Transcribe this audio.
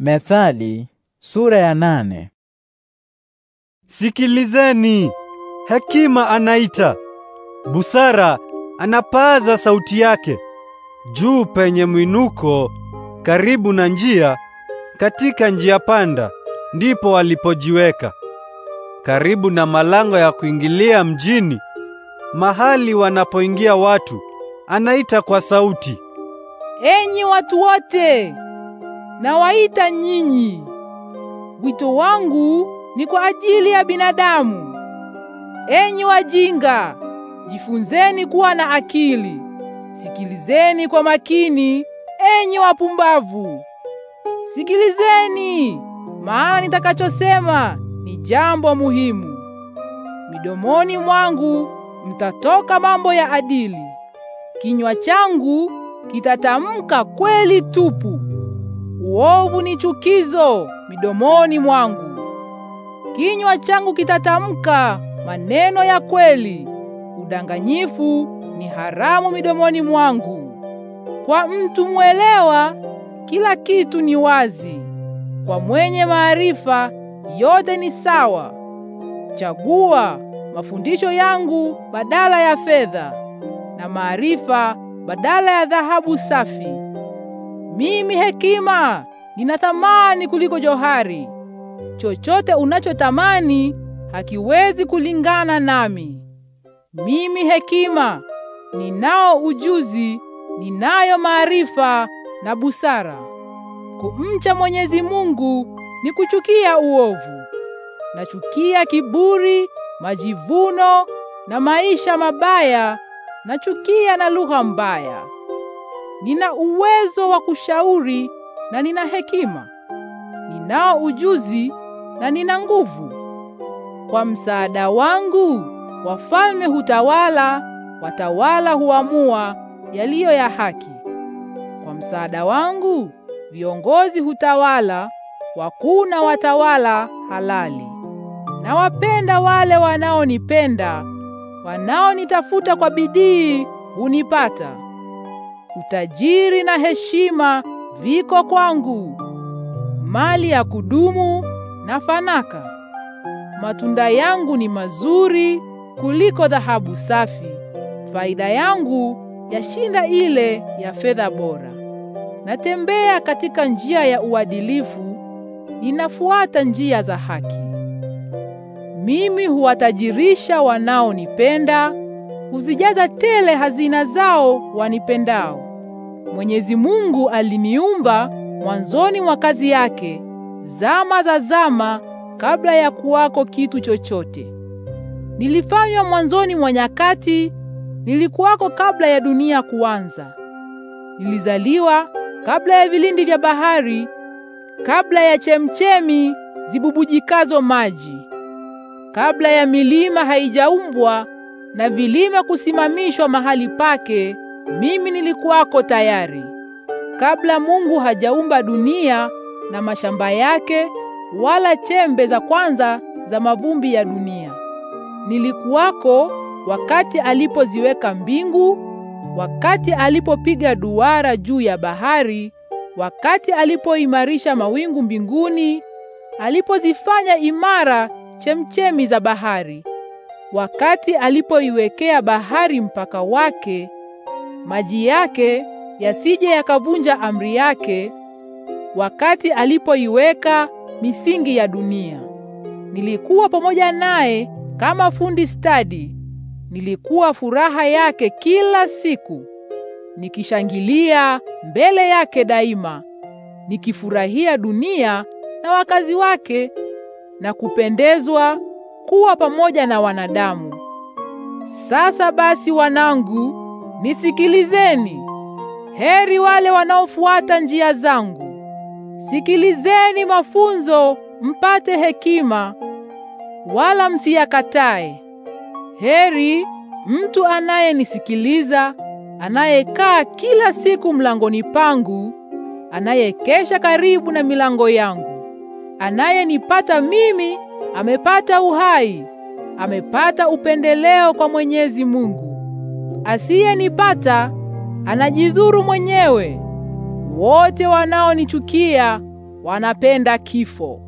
Methali sura ya nane. Sikilizeni, hekima anaita, busara anapaaza sauti yake juu penye mwinuko, karibu na njia, katika njia panda ndipo alipojiweka, karibu na malango ya kuingilia mjini, mahali wanapoingia watu, anaita kwa sauti, enyi watu wote nawaita nyinyi. Wito wangu ni kwa ajili ya binadamu. Enyi wajinga, jifunzeni kuwa na akili. Sikilizeni kwa makini, enyi wapumbavu. Sikilizeni, maana nitakachosema ni jambo muhimu. Midomoni mwangu mtatoka mambo ya adili. Kinywa changu kitatamka kweli tupu. Uovu ni chukizo midomoni mwangu. Kinywa changu kitatamka maneno ya kweli. Udanganyifu ni haramu midomoni mwangu. Kwa mtu mwelewa kila kitu ni wazi, kwa mwenye maarifa yote ni sawa. Chagua mafundisho yangu badala ya fedha na maarifa badala ya dhahabu safi. Mimi hekima nina thamani kuliko johari. Chochote unachotamani hakiwezi kulingana nami. Mimi hekima ninao ujuzi, ninayo maarifa na busara. Kumcha Mwenyezi Mungu ni kuchukia uovu. Nachukia kiburi, majivuno na maisha mabaya, nachukia na lugha mbaya. Nina uwezo wa kushauri na nina hekima, ninao ujuzi na nina nguvu. Kwa msaada wangu wafalme hutawala, watawala huamua yaliyo ya haki. Kwa msaada wangu viongozi hutawala, wakuu na watawala halali. Nawapenda wale wanaonipenda, wanaonitafuta kwa bidii hunipata utajiri na heshima viko kwangu, mali ya kudumu na fanaka. Matunda yangu ni mazuri kuliko dhahabu safi, faida yangu yashinda ile ya fedha bora. Natembea katika njia ya uadilifu, ninafuata njia za haki. Mimi huwatajirisha wanaonipenda huzijaza tele hazina zao wanipendao. Mwenyezi Mungu aliniumba mwanzoni mwa kazi yake, zama za zama, kabla ya kuwako kitu chochote. Nilifanywa mwanzoni mwa nyakati, nilikuwako kabla ya dunia kuanza. Nilizaliwa kabla ya vilindi vya bahari, kabla ya chemchemi zibubujikazo maji, kabla ya milima haijaumbwa na vilima kusimamishwa mahali pake, mimi nilikuwako tayari kabla Mungu hajaumba dunia na mashamba yake, wala chembe za kwanza za mavumbi ya dunia. Nilikuwako wakati alipoziweka mbingu, wakati alipopiga duara juu ya bahari, wakati alipoimarisha mawingu mbinguni, alipozifanya imara chemchemi za bahari Wakati alipoiwekea bahari mpaka wake, maji yake yasije yakavunja amri yake, wakati alipoiweka misingi ya dunia. Nilikuwa pamoja naye kama fundi stadi, nilikuwa furaha yake kila siku, nikishangilia mbele yake daima, nikifurahia dunia na wakazi wake na kupendezwa kuwa pamoja na wanadamu. Sasa basi, wanangu, nisikilizeni. Heri wale wanaofuata njia zangu. Sikilizeni mafunzo mpate hekima, wala msiyakatae. Heri mtu anayenisikiliza, anayekaa kila siku mlangoni pangu, anayekesha karibu na milango yangu, anayenipata mimi amepata uhai, amepata upendeleo kwa Mwenyezi Mungu. Asiyenipata anajidhuru mwenyewe. Wote wanaonichukia wanapenda kifo.